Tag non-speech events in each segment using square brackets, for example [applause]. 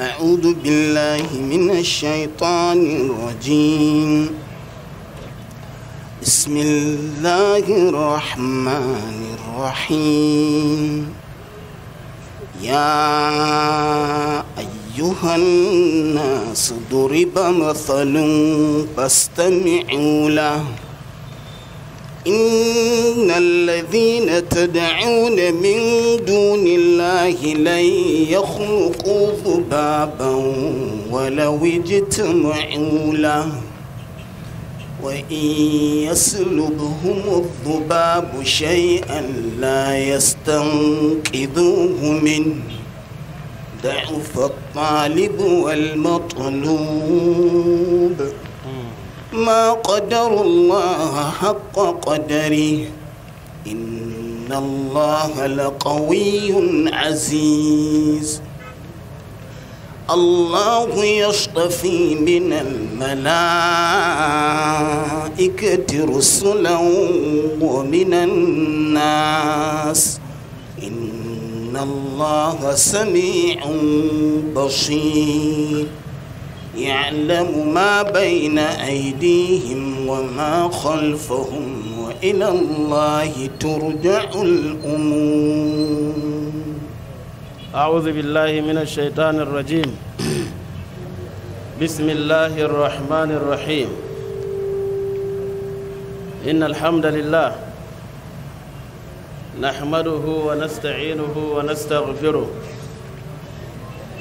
أعوذ بالله من الشيطان الرجيم بسم الله الرحمن الرحيم يا أيها الناس ضرب مثل فاستمعوا له إن الذين تدعون من دون الله لن يخلقوا ذبابا ولو اجتمعوا له وإن يسلبهم الذباب شيئا لا يستنقذوه منه ضعف الطالب والمطلوب ما قدر الله حق قدره إن الله لقوي عزيز الله يشطفي من الملائكة رسلا ومن الناس إن الله سميع بصير يعلم ما بين أيديهم وما خلفهم وإلى الله ترجع الأمور أعوذ بالله من الشيطان الرجيم بسم الله الرحمن الرحيم إن الحمد لله نحمده ونستعينه ونستغفره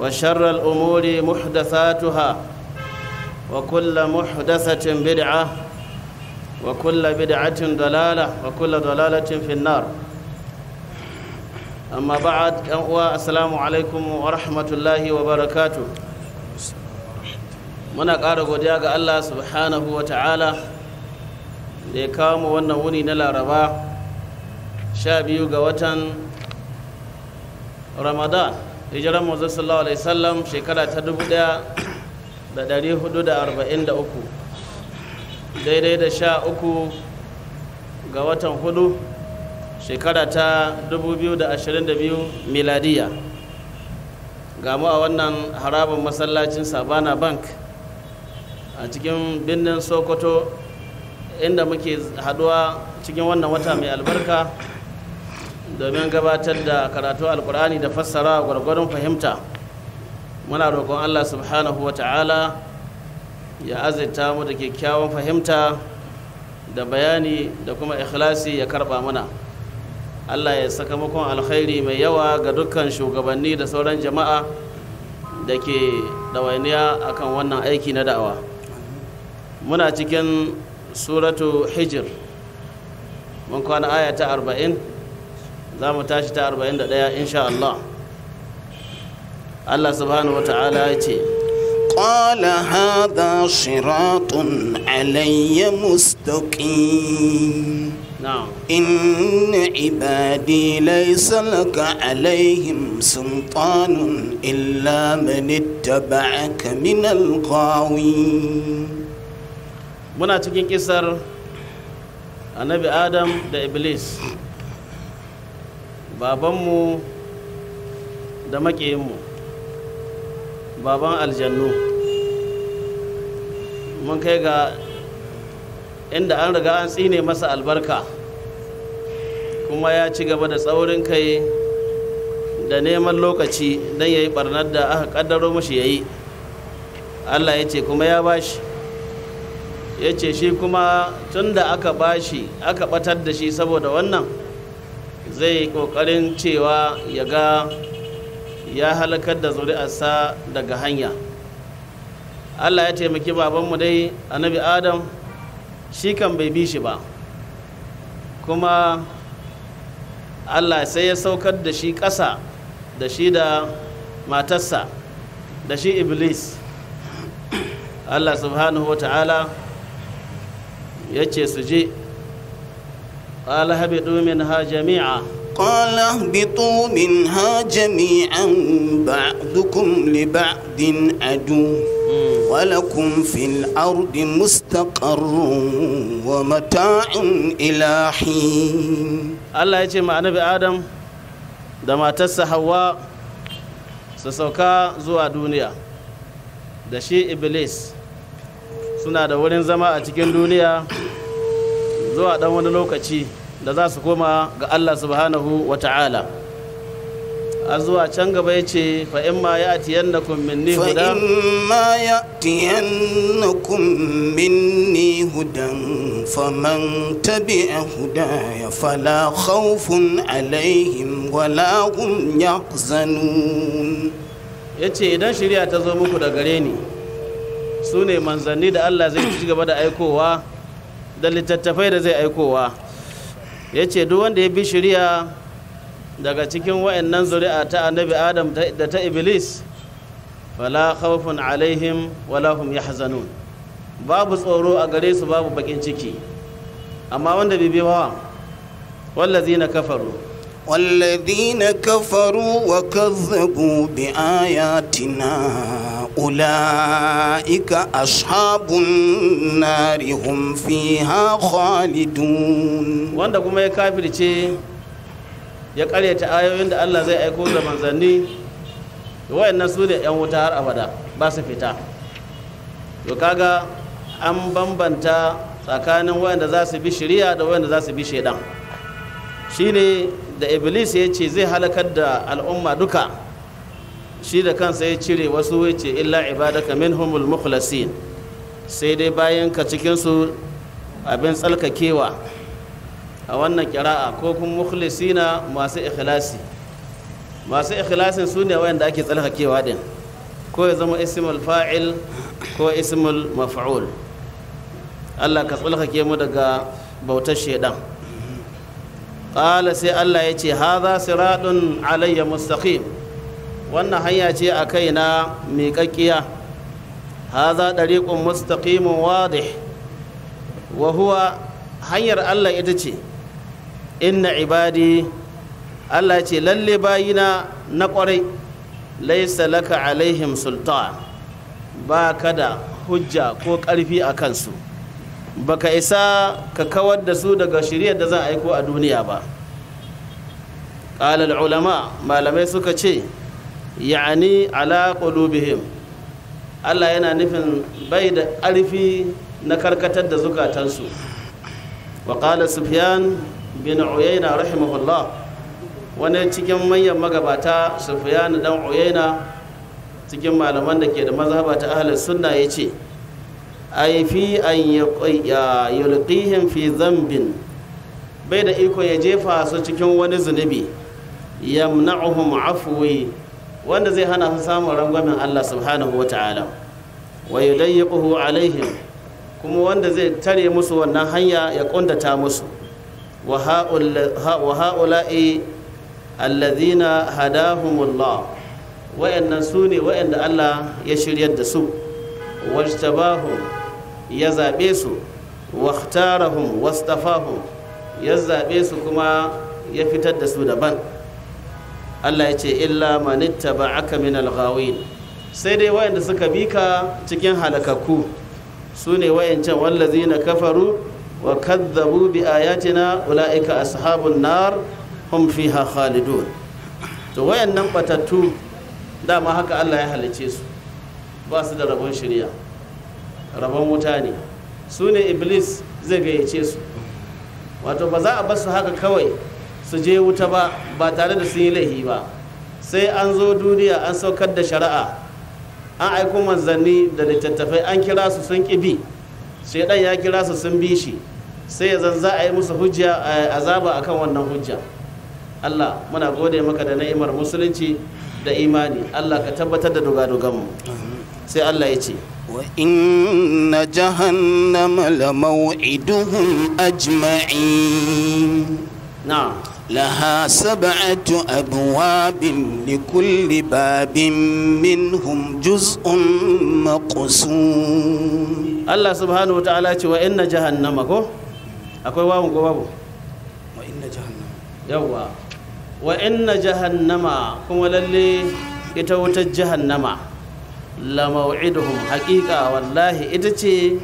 وشر الأمور محدثاتها وكل محدثة بدعة وكل بدعة ضلالة وكل ضلالة في النار أما بعد السلام عليكم ورحمة الله وبركاته muna ƙara godiya ga Allah subhanahu wa ta'ala da ya kawo mu wannan wuni na laraba sha biyu ga watan ramadan hijiran manzo sallallahu alaihi wasallam shekara ta 1443 daidai da sha uku ga watan hudu shekara ta 2022 miladiya gamu a wannan harabin masallacin sabana bank a cikin birnin sokoto inda muke haduwa cikin wannan wata mai albarka domin gabatar da karatu alkur'ani da fassara gwargwadon fahimta muna roƙon allah subhanahu wa ta'ala ya azita mu da kyakkyawan fahimta da bayani da kuma ikhlasi ya karɓa mana allah ya sakamakon alkhairi mai yawa ga dukkan shugabanni da sauran jama'a da ke ɗawainiya akan wannan aiki na da'awa muna cikin suratu hijir mun kwana aya ta arba'in za mu tashi ta 41 insha Allah Allah subhanahu wa ta'ala ya ce قال هذا صراط علي مستقيم نعم إن عبادي ليس لك عليهم سلطان إلا من اتبعك من الغاوين muna cikin kisar annabi adam da iblis babanmu da maƙiyinmu baban aljannu mun kai ga inda an riga an tsine masa albarka kuma ya ci gaba da tsaurin kai da neman lokaci don ya yi barnar da aka kaddaro mashi ya yi allah ya ce kuma ya bashi ya ce shi kuma tun da aka bashi aka batar da shi saboda wannan zai yi kokarin cewa ya ga ya halakar da zuri'arsa daga hanya allah ya taimaki babanmu dai annabi adam shi kan bai bi shi ba kuma allah sai ya saukar da shi ƙasa da shi da matarsa da shi iblis allah subhanahu wa ta'ala ya ce su je قال هبطوا منها جميعا قال اهبطوا منها جميعا بعضكم لبعض عدو ولكم في الأرض مستقر ومتاع إلى حين الله يجي مع نبي آدم da matarsa hawa su sauka zuwa duniya da shi iblis suna da wurin zama a cikin duniya zuwa ɗan wani lokaci da za su koma ga Allah subhanahu wa ta'ala a zuwa can gaba ya ce fa’in ma ya atiyan na kumminni ma na hudan faman tabi a huda ya fala haufun alaihim wala ya zanu. ya ce idan shirya ta zo muku da gare ni su ne manzanni da Allah zai ci gaba da aikowa da littattafai da zai aikowa ya ce duk wanda ya bi shirya daga cikin wa'annan zuri'a ta annabi adam da ta iblis Wala khawfun alaihim wala hum yahzanun babu tsoro a gare su babu bakin ciki amma wanda bai bi hawa wallazina kafaru والذين كفروا وكذبوا بآياتنا أولئك أصحاب النار هم فيها خالدون wanda kuma ya kafirce ya karyata ayoyin da Allah zai aiko da manzanni wayannan su ne yan wuta har abada ba su fita to kaga an bambanta tsakanin wayanda za su bi shiriya da wayanda za su bi shaidan shine da iblis ya ce zai halakar da al'umma duka shi da kansa ya cire wasu ya ce illa ibadaka minhumul mukhlasin sai dai bayan ka cikinsu abin tsalkakewa a wannan kira'a ko kuma mukhlisina masu ikhlasi masu ikhlasin su ne wayanda ake tsalkakewa din ko ya zama ismul fa'il ko ismul maf'ul Allah ka tsalkake mu daga bautar shaidan ƙala sai allah ya ce haza siradun alayya mustaqim wannan hanya ce a kaina miƙaƙƙiya haza ɗariƙun mustaqimun wadih wa huwa hanyar allah ita ce inna ibadi allah ce lalle bayina na ƙwarai laisa laka alaihim sultan ba ka da hujja ko ƙarfi a kansu baka isa ka kawar da su daga shirya da za zan aiko a duniya ba ƙalar ulama malamai suka ce ya'ani ala qulubihim Allah yana nufin bai da ƙarfi na karkatar da zukatansu wa qala sufyan bin uyaina rahimahullah wani cikin manyan magabata sufyan dan uyaina cikin malaman da ke da mazhaba ta ahlus sunna yace ce ay fi an yulqihim fi zambin bai da iko ya jefa su cikin wani zunubi yamna'uhum afwi wanda zai hana su samun rangwamen Allah subhanahu wa ta'ala wa yudayyiquhu alaihim kuma wanda zai tare musu wannan hanya ya kundata musu wa ha'ula'i alladhina hadahumullah wa'annan su ne wa'anda Allah ya shiryar da su wajtabahum ya zaɓe su wahtarahum wastafahum ya zaɓe su kuma ya fitar da su daban Allah ya ce illa manitta ba aka min alghawin sai dai wayanda suka bi ka cikin halakakku su ne wayancan na kafaru wa kadzabu bi ayatina ulaika ashabun nar hum fiha khalidun to wayannan batattu dama haka Allah ya halice su ba su da rabon shirya rabon wuta ne su ne iblis zai gayyace su wato ba za a basu haka kawai su je wuta ba ba tare da sun yi laihi ba sai an zo duniya an saukar da shari'a an aiko manzanni da littattafai an kira su sun ƙi bi shaidan ya kira su sun bi shi sai ya zanza a yi musu hujja a azaba akan wannan hujja Allah muna gode maka da na'imar musulunci da imani Allah ka tabbatar da dogadoganmu sai Allah ya ce وإن جهنم لموعدهم أجمعين نعم لها سبعة أبواب لكل باب منهم جزء مقسوم الله سبحانه وتعالى وإن جهنم كو أكو واو وإن جهنم يوا وإن جهنم كم وللي يتوت جهنم lamau'iduhum haƙiƙa wallahi ita ce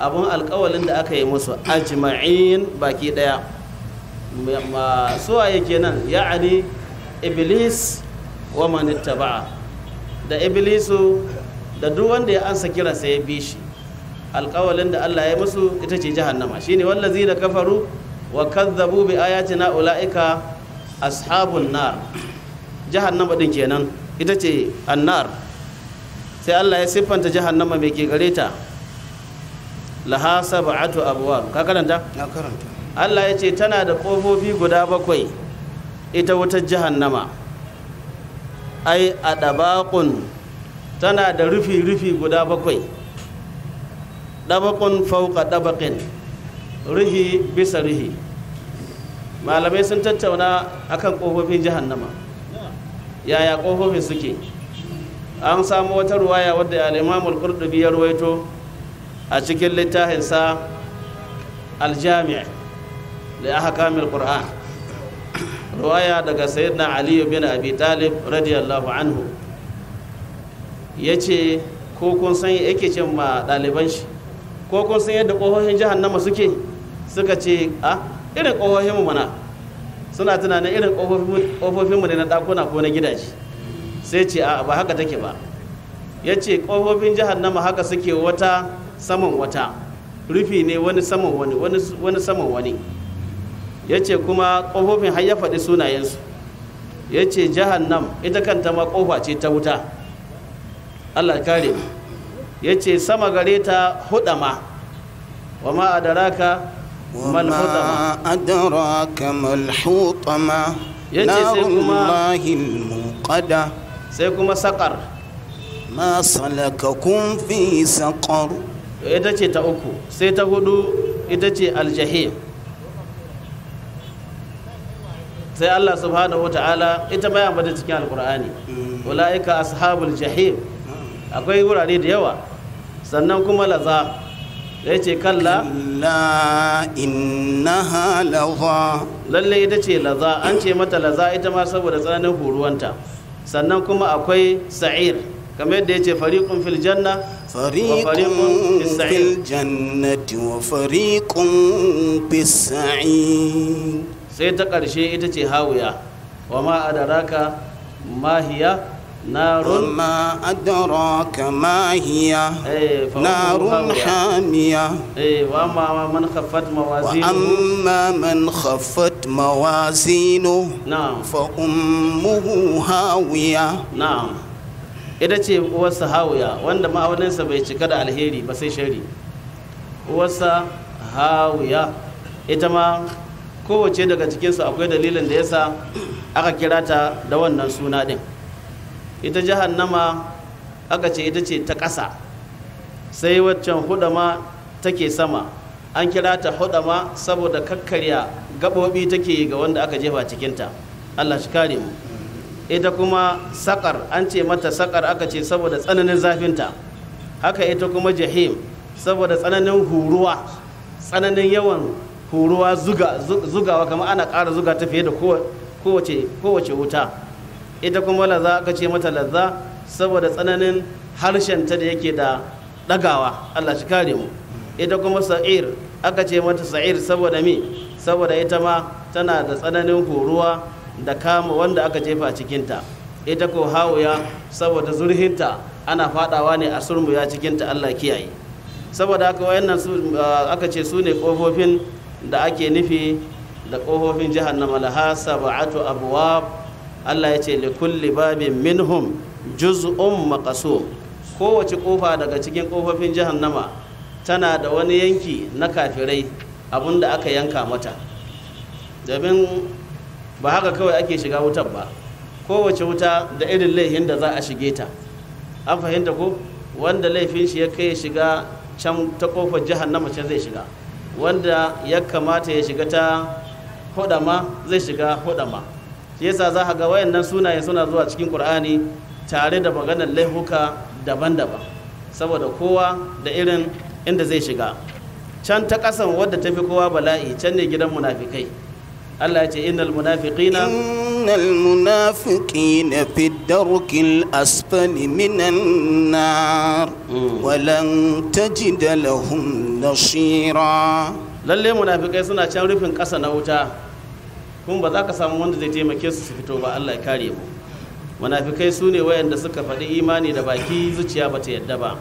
abin alƙawalin da aka yi musu ajma'in baki ɗaya suwaye kenan ya'ani iblis wa ba'a da iblisu da duk wanda ya ansa kira sai ya bi shi alƙawalin da Allah ya musu ita ce jahannama shine wallazi da kafaru wa kazzabu bi ayatina ulaika ashabun nar jahannama din kenan ita ce annar sai Allah ya siffanta jahannama mai ke gare ta laha sab'atu abwab ka karanta na karanta Allah ya ce tana da kofofi guda bakwai ita wutar jahannama ai adabaqun tana da rufi rufi guda bakwai dabaqun fawqa dabaqin rihi bisa rihi malamai sun tattauna akan kofofin jahannama yaya kofofin suke an samu wata ruwaya wadda al'imamul qurdubi ya ruwaito a cikin littafinsa aljamia da ahkamil ƙura'a ruwaya daga sayyidina Aliyu bin abi talib radiyallahu anhu ya ce ko kun san yake ce ma ɗaliban shi ko kun san yadda ƙohohin jahannama suke suka ce a irin ƙohohinmu mana suna tunanin irin ƙofofinmu ne na ɗakuna ko na gidaje sai ce a ba haka take ba ya ce ƙofofin jahannama haka suke wata saman wata rufi ne wani saman wani wani saman wani ya ce kuma ƙofofin har ya faɗi sunayensu ya ce jahannam ita kanta ma ƙofa ce ta wuta allah kare ya ce sama gare ta ma wa ma adaraka mal hudama ma. ya ce sai kuma sai kuma saƙar ma kun fi saƙar ita ce ta uku sai ta hudu ita ce aljahim sai Allah subhanahu wa ta'ala ita bayan bada cikin alkur'ani mm. ula'ika ashabul jahim akwai wurare da yawa sannan kuma laza ya ce kalla la innaha laza lalle ita ce laza an ce mata laza ita ma saboda tsananin huruwanta sannan kuma akwai sa'ir kamar yadda ya ce fariƙun fil janna fariƙun fil jannati wa fariƙun fis sa'ir sai ta ƙarshe ita ce hawiya wa ma adaraka ma hiya narun ma adaraka ma hiya narun hamiya wa amma man khaffat mawazinuhu wa amma man khaffat mawazinu موازينه نعم فأمه هاوية ita ce uwarsa hawiya wanda ma'auninsa bai cika da alheri ba sai shari uwarsa hawiya ita ma kowace daga cikinsu akwai dalilin da yasa aka kira ta da wannan suna ɗin ita jahannama aka ce ita ce ta ƙasa sai waccan hudama take sama an kira ta hudama saboda kakkarya gaɓoɓi take ga wanda aka jefa cikinta allah shi kare mu ita kuma sakar an ce mata sakar aka ce saboda tsananin zafinta haka ita kuma jahim saboda tsananin huruwa tsananin yawan huruwa zugawa kama ana ƙara zuga ta fiye da kowace wuta ita kuma laza aka ce mata laza saboda tsananin harshenta da yake da ɗagawa allah shi kare mu ita kuma sa'ir aka ce mata sa'ir saboda me saboda ita ma tana da tsananin horuwa da kama wanda aka jefa cikinta ita ko hawuya saboda zurhinta ana fadawa ne a surmuya cikinta allah kiyaye saboda aka wayannan ah, aka ce su ne kofofin da ake nufi da kofofin jahannama laha sab'atu abwab allah ya ce li kulli babin minhum juz'un maqsum kowace kofa daga cikin kofofin jahannama tana da wani yanki na kafirai abin da aka yanka mata domin ba haka kawai ake shiga wutar ba kowace wuta da irin laifin da za a shige ta an fahimta ko wanda laifin shi ya kai shiga can ta kofar jihar na mace zai shiga wanda ya kamata ya shiga ta hudama zai shiga hudama shi yasa za ga wayannan sunaye suna zuwa cikin kur'ani tare da maganar laifuka daban-daban saboda kowa da irin inda zai shiga can ta kasan wadda ta fi kowa bala'i can ne gidan munafikai Allah ya ce innal munafiqina innal munafiqina fi darkil asfali minan nar hmm. walan tajid lahum nashira lalle munafikai suna can rufin kasa na wuta kuma ba za ka samu wanda zai taimake su su fito ba Allah ya kare mu munafikai su ne wayanda suka faɗi imani da baki zuciya bata yadda ba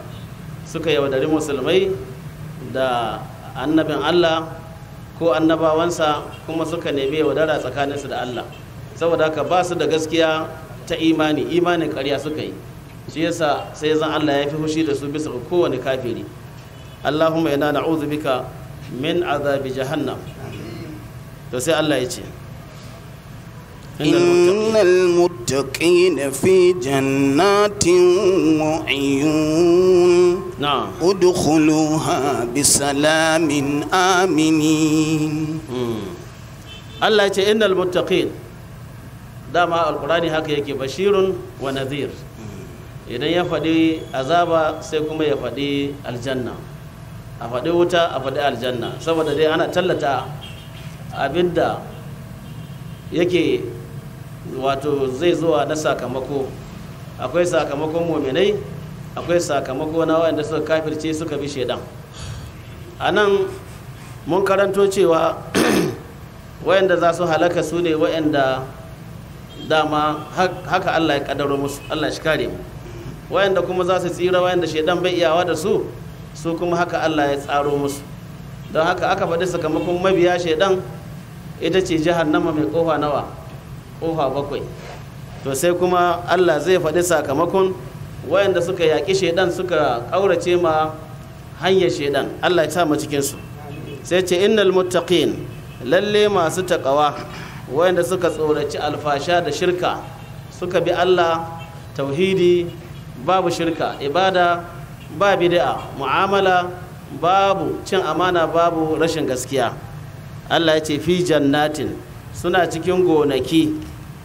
suka yaudari musulmai da annabin Allah ko annabawansa kuma suka nemi wadara tsakaninsu da Allah saboda haka ba su da gaskiya ta imani imanin ƙarya suka yi shi yasa sai zan Allah ya fi fushi da su bisa kowane kafiri Allahumma ina na'udhu bika min azabi jahannam to sai Allah ya ce innal للمتقين في جنات وعيون نعم ادخلوها بسلام آمنين الله يتي إن المتقين dama alkurani haka yake bashirun wa nadhir idan ya faɗi azaba sai kuma ya faɗi aljanna a faɗi wuta a faɗi aljanna saboda dai ana tallata abinda yake wato zai zuwa na sakamako akwai sakamakon muminai akwai sakamako na wayanda suka kafirce suka bi shaidan a nan mun karanto cewa [clears throat] wayanda za su halaka su ne wayanda dama haka Allah ya kadaro musu Allah shi kare mu wayanda kuma za su tsira wayanda shaidan bai iyawa da su su kuma haka Allah ya tsaro musu don haka aka faɗi sakamakon mabiya shaidan ita ce jihar nama mai kofa nawa kofa bakwai to sai kuma Allah zai faɗi sakamakon wayanda suka yaƙi shaidan suka ƙaurace ma hanyar shaidan Allah ya sa cikinsu sai ce innal muttaqin lalle masu taƙawa wayanda suka tsoraci alfasha da shirka suka bi Allah tauhidi babu shirka ibada ba bid'a mu'amala babu cin amana babu rashin gaskiya Allah ya ce fi jannatin suna cikin gonaki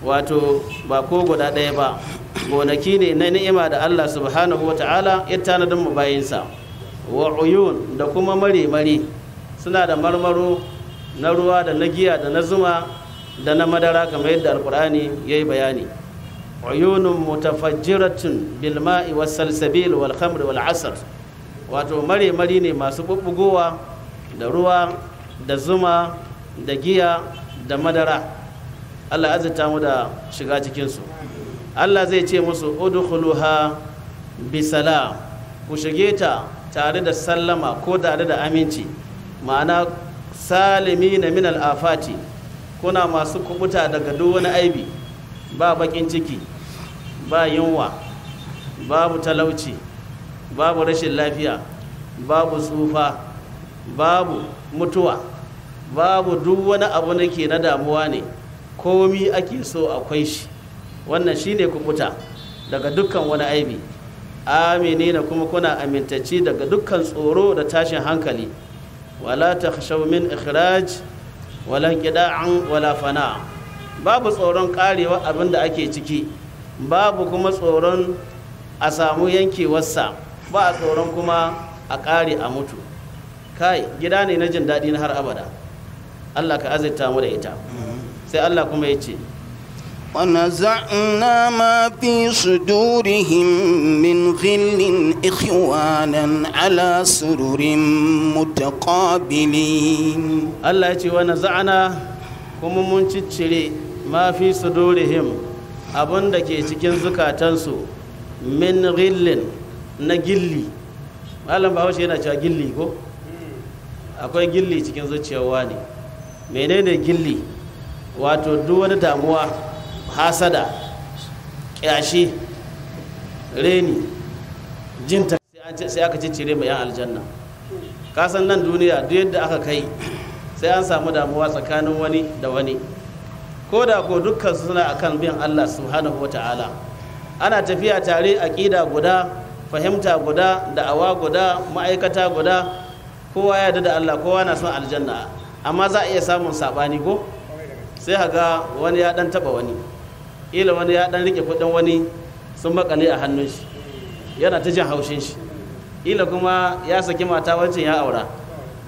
wato ba ko guda ɗaya ba gonaki ne na ni'ima da Allah subhanahu wa ta'ala ya tanadin mu bayinsa wa uyun da kuma mare-mare suna da marmaro na ruwa da na giya da na zuma da na madara kamar yadda alkur'ani yayi bayani uyunun mutafajjiratun bil ma'i was salsabil wal khamr wal asr wato mare-mare ne masu bubbugowa da ruwa da zuma da giya da madara Allah azurta mu da shiga cikinsu Allah zai ce musu udkhuluha bisalam ku shige ta tare da sallama ko tare da aminci ma'ana salimi na al afati kuna masu kubuta daga duk wani aibi ba bakin ciki ba yunwa babu talauci babu rashin lafiya babu tsufa babu mutuwa babu duk wani abu da ke na damuwa ne komi ake so akwai shi wannan shi ne kubuta daga dukkan wani aibi amini na kuma kuna amintacci daga dukkan tsoro da tashin hankali wala ta min ikhraj wala kida'an wala fana babu tsoron karewa abin ake ciki babu kuma tsoron a samu yankewarsa ba a tsoron kuma a kare a mutu kai gida ne na jin daɗi na har abada allah ka azirta mu da ita sai Allah kuma ya ce ونزعنا ما في صدورهم من غل إخوانا على سرر متقابلين الله يتي ونزعنا كما منتشري ما في صدورهم abin da ke cikin zukatansu min ghillin na gilli malam bahaushe yana cewa gilli ko akwai gilli cikin zuciyar ne menene gilli wato duk wani damuwa hasada ƙyashi reni jinta sai aka ciccire mai 'yan aljanna kasan nan duniya duk yadda aka kai sai an samu damuwa tsakanin wani da wani ko da ko dukkan suna akan bin allah subhanahu wata'ala ana tafiya tare aƙida guda fahimta guda da'awa guda ma'aikata guda kowa ya da allah kowa na son aljanna amma za a iya samun saɓani ko sai ga wani ya dan taba wani ila wani ya dan rike kudin wani sun makale a hannun shi yana ta jin haushin shi ila kuma ya saki mata wancan ya aura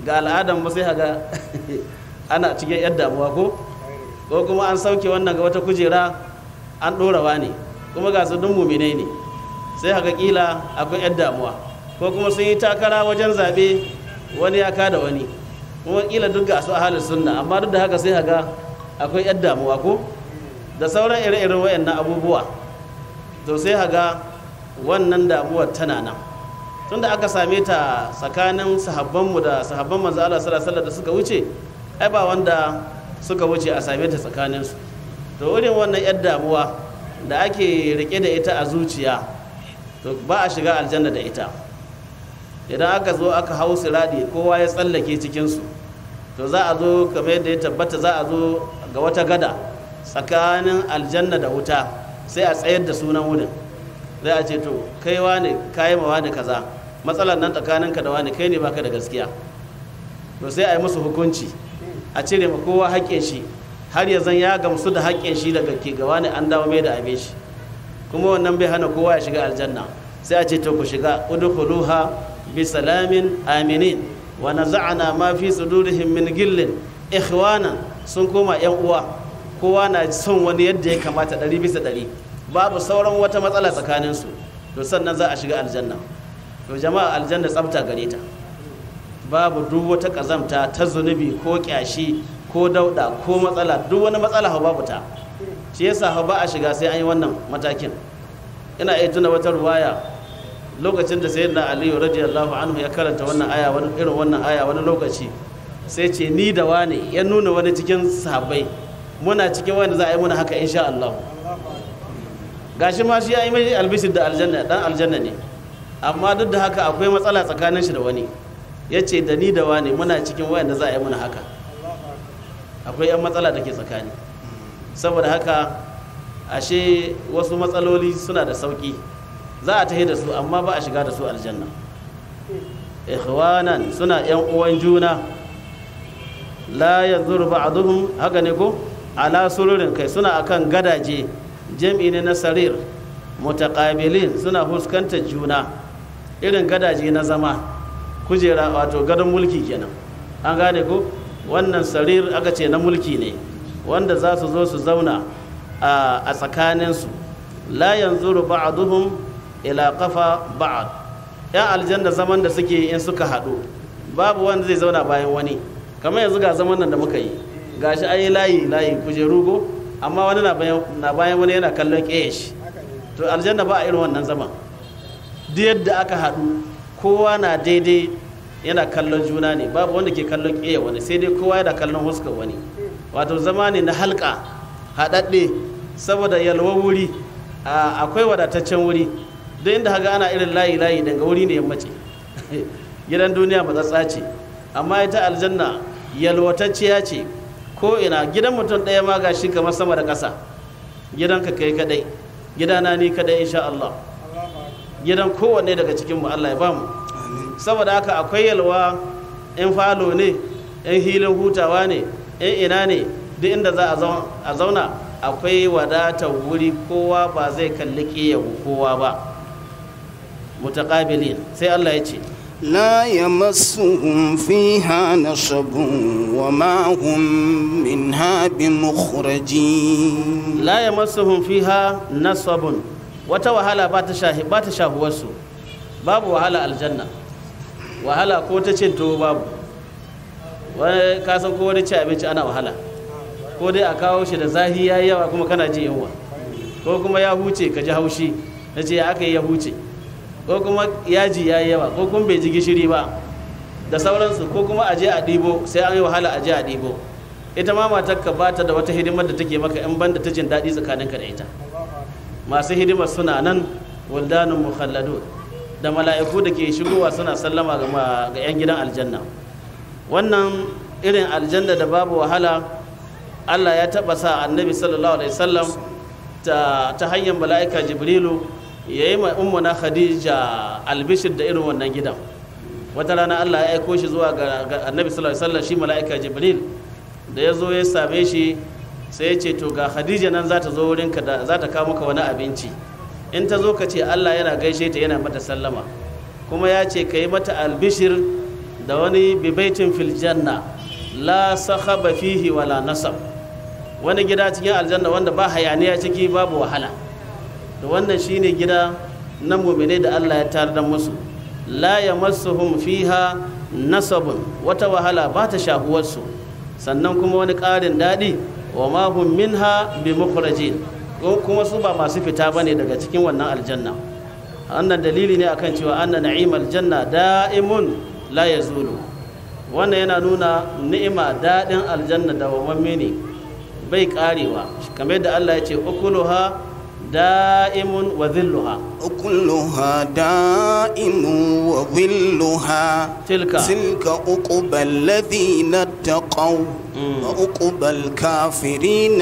ga al'adan ba sai ga [laughs] ana cikin yan damuwa ko ko kuma an sauke wannan ga wata kujera an dorawa ne kuma ga su dun mumine ne sai haka kila akwai yan damuwa ko kuma sun yi takara wajen zabe wani ya kada wani kuma kila duk ga su ahalin sunna amma duk da haka sai haka. akwai yan damuwa ko da sauran ire-iren wayannan abubuwa to sai haga wannan damuwar tana nan tunda aka same ta tsakanin sahabbanmu da sahabban manzo Allah sallallahu da suka wuce ai ba wanda suka wuce a same ta tsakaninsu to irin wannan yan damuwa da ake rike da ita a zuciya to ba a shiga aljanna da ita idan aka zo aka hau siradi kowa ya tsallake cikinsu to za a zo kamar yadda ya tabbata za a zo ga wata gada tsakanin aljanna da wuta sai a tsayar da sunan wurin zai a ce to kai wane kayi ma wane kaza matsalar nan tsakanin ka da wane kai ne baka da gaskiya to sai a yi musu hukunci a cire ma kowa haƙƙin shi har ya zan ya gamsu da haƙƙin shi daga ke gawa ne an dawo mai da abin shi kuma wannan bai hana kowa ya shiga aljanna sai a ce to ku shiga udkhuluha bi salamin aminin wa naza'na ma fi sudurihim min gillin ikhwana sun koma yan uwa kowa na son wani yadda ya kamata ɗari bisa ɗari babu sauran wata matsala tsakaninsu to sannan za a shiga aljanna to jama'a aljanna tsafta gare ta babu duk wata ƙazamta ta zunubi ko ƙyashi ko dauɗa ko matsala duk wani matsala hau babu ta shi yasa hau ba a shiga sai an yi wannan matakin ina iya tuna wata ruwaya lokacin da sayyidina aliyu radiyallahu anhu ya karanta wannan aya wani irin wannan aya wani lokaci sai ce ni da wane ya nuna wani cikin sahabbai muna cikin wani za a yi muna haka insha Allah gashi ma shi ya yi mai albishi da aljanna dan aljanna ne amma duk da haka akwai matsala tsakanin shi da wani ya ce da ni da wane muna cikin wanda za a yi muna haka akwai yan matsala da ke tsakani saboda haka ashe wasu matsaloli suna da sauki za a tahi da su amma ba a shiga da su aljanna ikhwanan suna yan uwan juna la yanzuru ba'dhum haka ne ko ala sururin kai suna akan gadaje jam'i ne na sarir mutaqabilin suna huskanta juna irin gadaje na zama kujera wato gadon mulki kenan an gane ko wannan sarir aka ce na mulki ne wanda za su zo su zauna a tsakaninsu la yanzuru ba'duhum ila kafa ba'd yan aljanna zaman da suke in suka haɗu babu wanda zai zauna bayan wani kamar yanzu ga zaman nan da muka yi gashi an yi layi layi kujeru go amma wani na bayan wani yana kallon ƙeyashi to aljanna ba a irin wannan zaman duk yadda aka haɗu kowa na daidai yana kallon juna ne babu wanda ke kallon ƙeya wani sai dai kowa yana kallon huskar wani wato zama ne na halka haɗaɗɗe saboda yalwar wuri akwai wadataccen wuri don inda haga ana irin layi layi daga wuri ne ya mace [laughs] gidan duniya ba matsatsa ce amma ita aljanna yalwatacciya ce ko ina gidan mutum ɗaya ma ga shi kamar sama da ƙasa gidanka kai kadai gidana ni kadai insha Allah gidan kowanne daga cikin mu Allah ya ba mu saboda haka akwai yalwa in falo ne in hilin hutawa ne in ina ne duk inda za a zauna akwai wadata wuri kowa ba zai kalli kowa ba mutaqabilin sai Allah ya ce لا يمسهم فيها نصب وما هم منها بمخرجين لا يمسهم فيها نصب وتوهلا بات شاهي بات شاهوسو باب وهلا الجنة وهلا كوتا تو باب kasan ko wani ci abinci ana wahala ko dai a kawo shi da zahi ya yawa kuma kana ji yunwa ko kuma ya huce ka ji haushi na ce ya aka yi ya huce ko kuma yaji ya yi yawa ko kuma bai ji gishiri ba da sauransu ko kuma aje a ɗibo sai an yi wahala aje a ɗibo ita ma matar ka ba ta da wata hidimar da take maka in banda ta jin daɗi ka da ita masu hidimar suna nan waldanun muhalladu da mala'iku da ke shigowa suna sallama ga 'yan gidan aljanna wannan irin aljanna da babu wahala allah ya taɓa sa annabi sallallahu alaihi wasallam ta hanyar mala'ika jibrilu ya yi ma'ummuna khadija albishir da irin wannan gidan wata rana allah ya aiko shi zuwa ga annabi sallallahu shi mala'ika jibril da ya zo ya same shi sai ya ce to ga khadija nan za ta zo wurinka da za ta kawo maka wani abinci in ta zo ka ce allah yana gaishe ta yana mata sallama kuma ya ce ka yi mata albishir da wani bibaitin filjanna la sahaba fihi wala nasab wani gida cikin aljanna wanda ba hayaniya ciki babu wahala to wannan shine gida na mu'mine da Allah ya tarda musu la yamassuhum fiha nasabun wata wahala ba ta shahuwarsu. sannan kuma wani ƙarin daɗi wa ma hum minha bi mukhrajin kuma su ba masu fita bane daga cikin wannan aljanna Annan dalili ne akan cewa anna na'imal aljanna da'imun la yazulu wannan yana nuna ni'ima daɗin aljanna da ne bai karewa kamar yadda Allah ya ce ukuluha da'imun wa dhilluha ukuluha da'imun wa dhilluha tilka tilka uqbal ladhina taqaw wa uqbal kafirin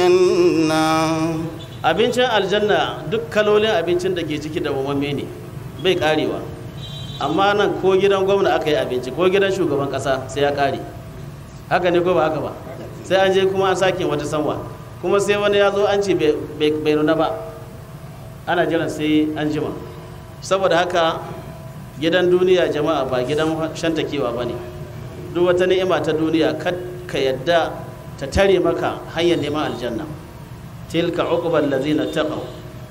abincin aljanna duk kalolin abincin da ke ciki da umamme ne bai karewa amma nan ko gidan gwamna aka yi abinci ko gidan shugaban kasa sai ya kare haka ne ko ba haka ba sai an je kuma an sake wata sanwa kuma sai wani ya zo an ce bai nuna ba ana jiran sai an jima saboda haka gidan duniya jama'a ba gidan shantakewa ba ne duk wata ni'ima ta duniya ka yadda ta tare maka hanyar neman aljanna tilka uqbal ta taqaw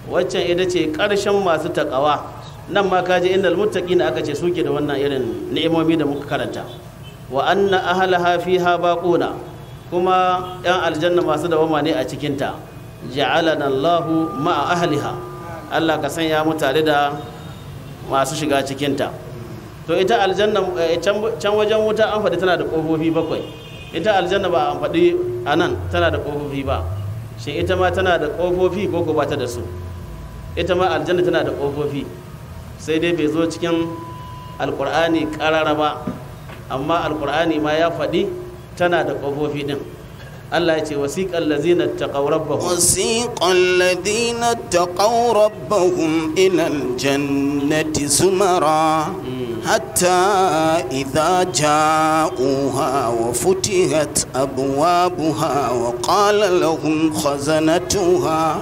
waccan ita ce ƙarshen masu taqawa nan ma kaji innal muttaqina aka ce suke da wannan irin ni'imomi da muka karanta wa anna ahlaha fiha baquna kuma yan aljanna masu dawama ne a cikinta ja'alana Allahu ma'a ahliha Allah ka sanya mu tare da masu shiga cikinta to ita aljanna eh, can wajen wuta an faɗi tana da ƙofofi bakwai ita aljanna ba an faɗi a tana da ƙofofi ba shi ita ma tana da ƙofofi ko ko bata da su ita ma aljanna tana da ƙofofi sai dai bai zo cikin alƙur'ani ƙarara ba amma alƙur'ani ma ya faɗi tana da ƙofofi ɗin Allah ya ce wasiƙan lazina ta ƙaurabba wasiƙan اتقوا ربهم إلى الجنة زمرا حتى إذا جاءوها وفتحت أبوابها وقال لهم خزنتها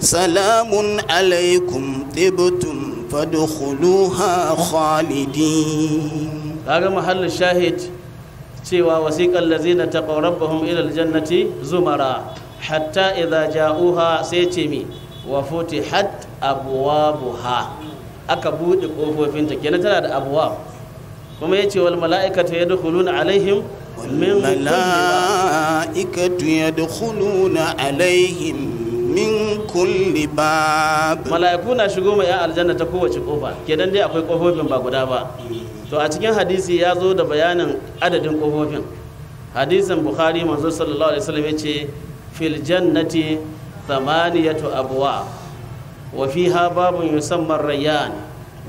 سلام عليكم طبتم فادخلوها خالدين هذا محل الشاهد cewa wasiƙar lazina ta ƙaurabahun ilal jannati zumara hatta idza ja'uha sai ce mi wa futihat abwabuha aka buɗe ƙofofinta kenan tana da abuwa kuma ya ce wal mala'ikatu yadkhuluna alaihim min mala'ikatu yadkhuluna alaihim min kulli bab mala'iku na shigo mai aljanna ta kowace kofa kenan dai akwai kofofin ba guda ba to a cikin hadisi ya zo da bayanin adadin kofofin hadisin bukhari manzo sallallahu alaihi wasallam ya ce fil jannati ثمانية أبواب وفيها باب يسمى الريان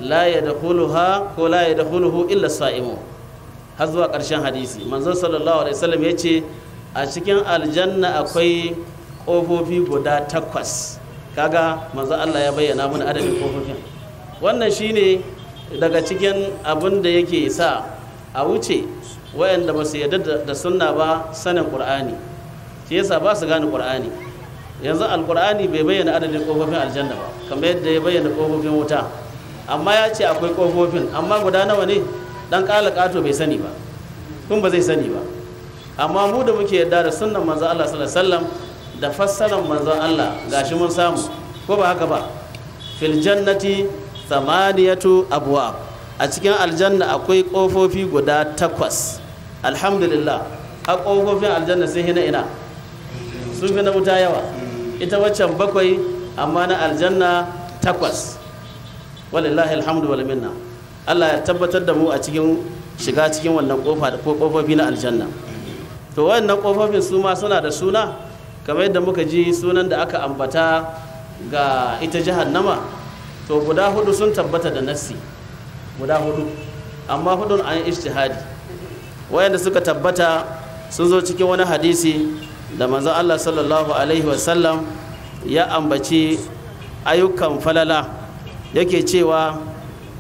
لا يدخلها ولا يدخله zuwa الصائمون hadisi. قرشان حديثي من صلى الله ya ce a cikin aljanna akwai ƙofofi guda takwas kaga manzo Allah ya bayyana mana adadin ƙofofin wannan shine daga cikin abin da yake sa a wuce wayanda ba su yarda da sunna ba sanin qur'ani shi yasa ba su gane ƙur'ani yanzu alkur'ani bai bayyana adadin kofofin aljanna ba kamar yadda ya bayyana kofofin wuta amma ya ce akwai kofofin amma guda nawa ne dan kala kato bai sani ba kun ba zai sani ba amma mu da muke yarda da sunnan manzon Allah sallallahu alaihi wasallam da fassaran manzon Allah gashi mun samu ko ba haka ba fil jannati thamaniyatu abwab a cikin aljanna akwai kofofi guda takwas alhamdulillah a kofofin aljanna sai hina ina sun fi na wuta yawa ita waccan bakwai amma na aljanna takwas walillahi alhamdu wal minna Allah ya tabbatar da mu a cikin shiga cikin wannan kofa ko kofofi na aljanna to wannan kofofin su ma suna da suna kamar yadda muka ji sunan da aka ambata ga ita jahannama to guda hudu sun tabbata da nassi guda hudu amma hudun an ijtihadi wayanda suka tabbata sun zo cikin wani hadisi da manzon Allah sallallahu alaihi wasallam ya ambaci ayyukan falala yake cewa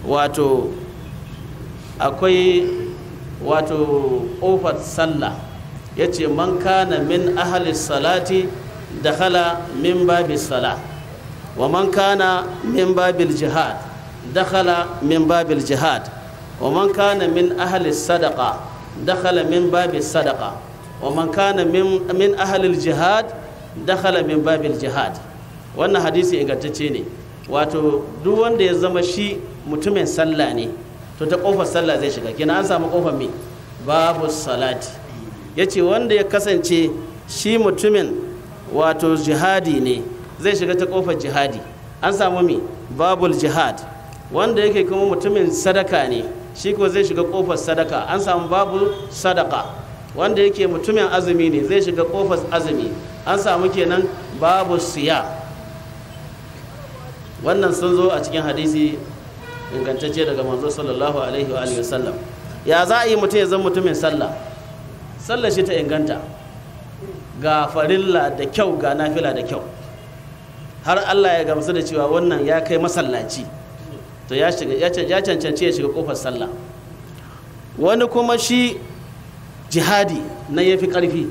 wato akwai wato ƙofar sallah ya ce man kana min ahalis salati da hala min babis sala wa man kana min babil jihad da hala min babil jihad wa man kana min ahalis sadaka da hala min babis sadaka ومن كان من من أهل الجهاد دخل من باب الجهاد wannan hadisi ingantacce ne wato duk wanda ya zama shi mutumin sallah ne to ta kofar sallah zai shiga kina an samu kofar me babu salati yace wanda ya kasance shi mutumin wato jihadi ne zai shiga ta kofar jihadi an samu me babul jihad wanda yake kuma mutumin sadaka ne shi ko zai shiga kofar sadaka an samu babu sadaka wanda yake mutumin azumi ne zai shiga kofar azumi an samu kenan babu siya wannan sun zo a cikin hadisi ingantacce daga manzo sallallahu alaihi wa sallam ya za a yi mutum ya zama mutumin sallah sallah shi ta inganta ga farilla da kyau ga nafila da kyau har Allah ya gamsu da cewa wannan ya kai masallaci to ya ya cancanci ya shiga kofar sallah wani kuma shi jihadi na fi karfi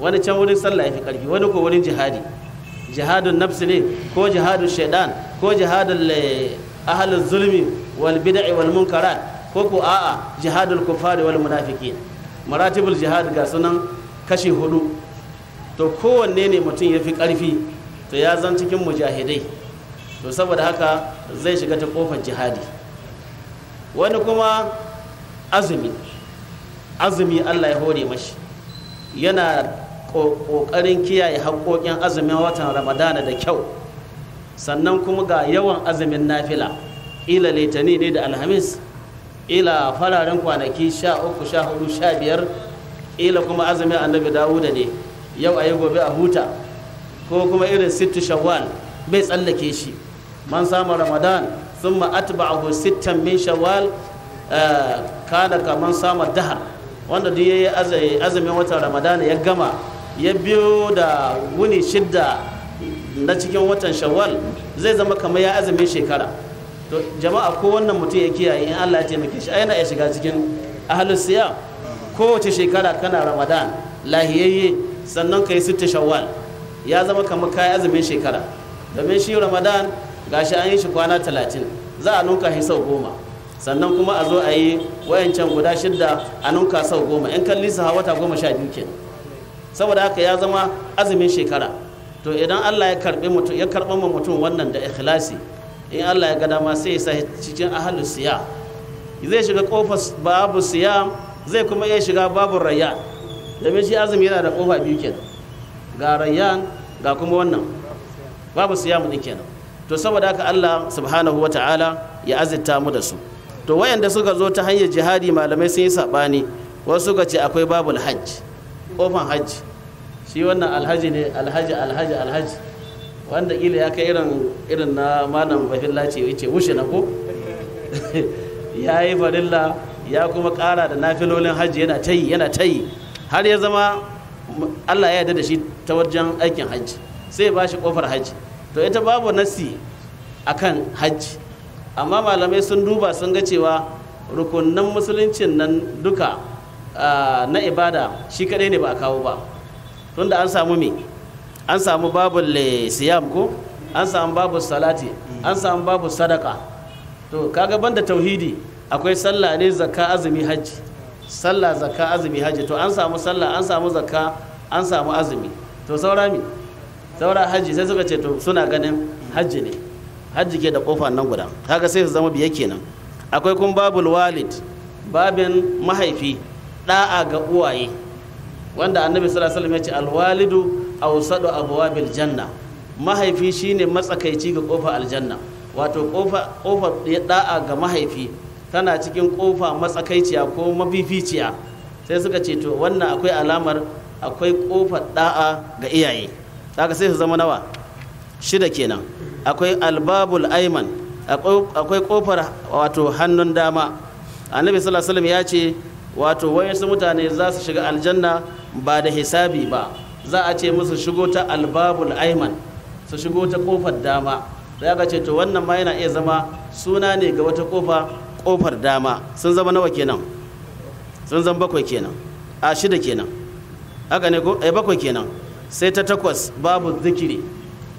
wani can wurin sallah fi karfi wani ko wurin jihadi jihadun nafsi ne ko jihadun shaidan ko jihadun eh, ahalin zulmi wal bid'i wal munkarat ko ko a'a jihadul kufari wal munafiki maratibul jihad ga sunan kashi hudu to kowanne ne mutum ya fi karfi to ya zan cikin mujahidai to saboda haka zai shiga ta kofar jihadi wani kuma azumi azumi Allah ya hore mashi yana ƙoƙarin kiyaye haƙoƙin azumin watan ramadana da kyau sannan kuma ga yawan azumin nafila ila litani ne da alhamis ila fararen kwanaki sha uku sha hudu sha biyar ila kuma azumin annabi dawuda ne yau a yi gobe a huta ko kuma irin sittu shawwal bai tsallake shi man samu ramadan sun a sittan min shawwal eh, kada kaman samu dahar wanda duk yayi azumin watan ramadana ya gama ya biyo da wuni shidda na cikin watan shawwal zai zama kamar ya azumin shekara to jama'a ko wannan mutum ya kiyaye in Allah ya taimake shi yana ya shiga cikin ahlus siyam kowace shekara kana ramadan lahiyayye sannan kai sitta shawwal ya zama kamar kai azumin shekara domin shi ramadan gashi an yi shi kwana talatin za a nuka shi goma sannan kuma a zo a yi wayancan guda shidda a nunka sau goma in kalli su wata goma sha biyu kenan saboda haka ya zama azumin shekara to idan Allah ya karbi mutum ya karba ma mutum wannan da ikhlasi in Allah ya ga dama sai ya cikin ahlu siya zai shiga kofar babu siya zai kuma iya shiga babu rayyan domin shi azumi yana da kofa biyu ke ga rayyan ga kuma wannan babu siya mu ɗin kenan to saboda haka Allah subhanahu wa ta'ala ya azita mu da su to wayanda suka zo ta hanyar jihadi malamai sun yi saɓani wasu suka ce akwai babul hajj kofan hajj shi wannan alhaji ne alhaji alhaji alhaji wanda ila ya kai irin irin na malam bafilla ce yace wuce na ko [laughs] ya yi farilla ya kuma ƙara da nafilolin hajji yana tayi yana tayi har ya zama Allah ya yarda da shi ta wajen aikin hajji sai ba shi kofar hajji to ita babu nasi akan hajji amma malamai sun duba sun ga cewa rukunan musuluncin nan duka na ibada shi kadai ne ba a kawo ba tunda an samu me an samu babu eh, siyam ko an samu babu salati an samu babu sadaka to kaga banda tauhidi akwai sallah ne zakka azumi hajji sallah zakka azumi hajji to an samu sallah an samu zakka an samu azumi to saura mi saura hajji sai suka ce to suna ganin hajji ne hajji ke da kofa nan guda kaga sai su zama biye kenan akwai kuma babul walid babin mahaifi da'a ga uwaye wanda annabi sallallahu alaihi wasallam ya ce alwalidu awsadu abwabil janna mahaifi shine matsakaici ga kofa aljanna wato kofa ya da'a ga mahaifi tana cikin kofa matsakaiciya ko mafificiya sai suka ce to wannan akwai alamar akwai kofa da'a ga iyaye kaga sai su zama nawa shida kenan akwai albabul aiman akwai kofar wato hannun dama annabi sallallahu alaihi ya ce wato wayansu mutane za su shiga aljanna ba da hisabi ba za a ce musu shigo ta albabul aiman su shigo ta kofar dama da aka ce to wannan ma yana iya zama suna ne ga wata kofa kofar dama sun zama nawa kenan sun zama bakwai kenan a shida kenan haka ne ko ai eh, bakwai kenan sai ta takwas babu zikiri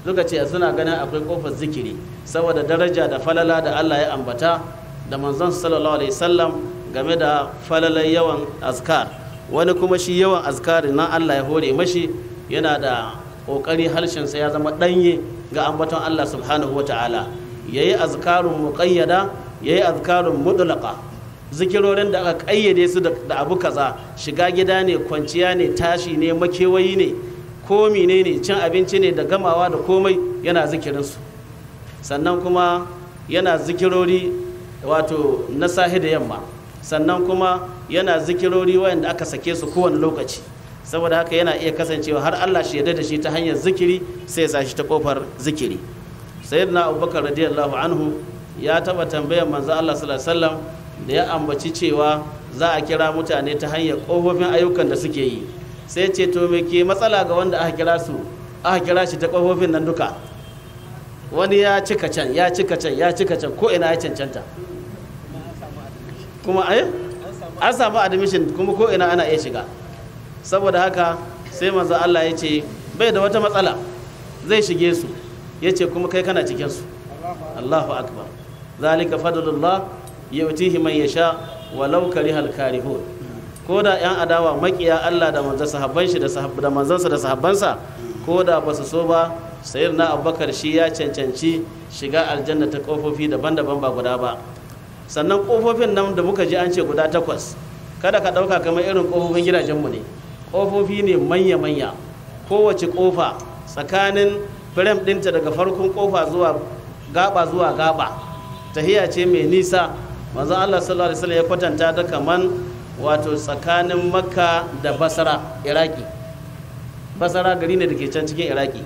suka ce suna ganin akwai kofar zikiri saboda daraja da falala da Allah ya ambata da manzon sallallahu alaihi wasallam game da falalar yawan azkar wani kuma shi yawan azkar na Allah ya hore mashi yana da kokari sa ya zama danye ga ambaton Allah subhanahu wataala yayi azkarun muqayyada yayi azkarun mutlaqa zikirorin da aka kayyade su da abu kaza shiga gida ne kwanciya ne tashi ne makewayi ne ko menene cin abinci ne da gamawa da komai yana zikirinsu sannan kuma yana zikirori wato na sahi da yamma sannan kuma yana zikirori wayanda aka sake su kowane lokaci saboda haka yana iya kasancewa har Allah shi yarda da shi ta hanyar zikiri sai ya sashi ta kofar zikiri sayyidina abubakar radiyallahu anhu ya taba tambayar manzo Allah sallallahu alaihi wasallam da ya ambaci cewa za a kira mutane ta hanyar kofofin ayyukan da suke yi sai ce to me ke matsala ga wanda aka kira su aka kira shi ta kofofin nan duka wani ya cika can ya cika can ya cika can ko ina ya cancanta kuma ai eh, an samu admission kuma ko ina ana iya shiga saboda haka sai manzo Allah ya ce bai da wata matsala zai shige su ya ce kuma kai kana cikin su Allahu akbar zalika fadlullah yu'tihi man yasha walau karihal karihun ko da yan adawa makiya Allah da sahabban da manzansa da sahabbansa ko da ba su so ba sayyidina abubakar shi ya cancanci shiga aljanna ta kofofi daban-daban ba guda ba sannan kofofin nan da muka ji an ce guda takwas kada ka ɗauka kamar irin kofofin gidajenmu ne kofofi ne manya-manya kowace kofa tsakanin firem ɗinta daga farkon kofa zuwa gaba zuwa gaba tahiya ce mai nisa manzo Allah sallallahu alaihi wasallam ya kwatanta ta kaman wato tsakanin makka da basara iraki basara gari ne da ke can cikin iraki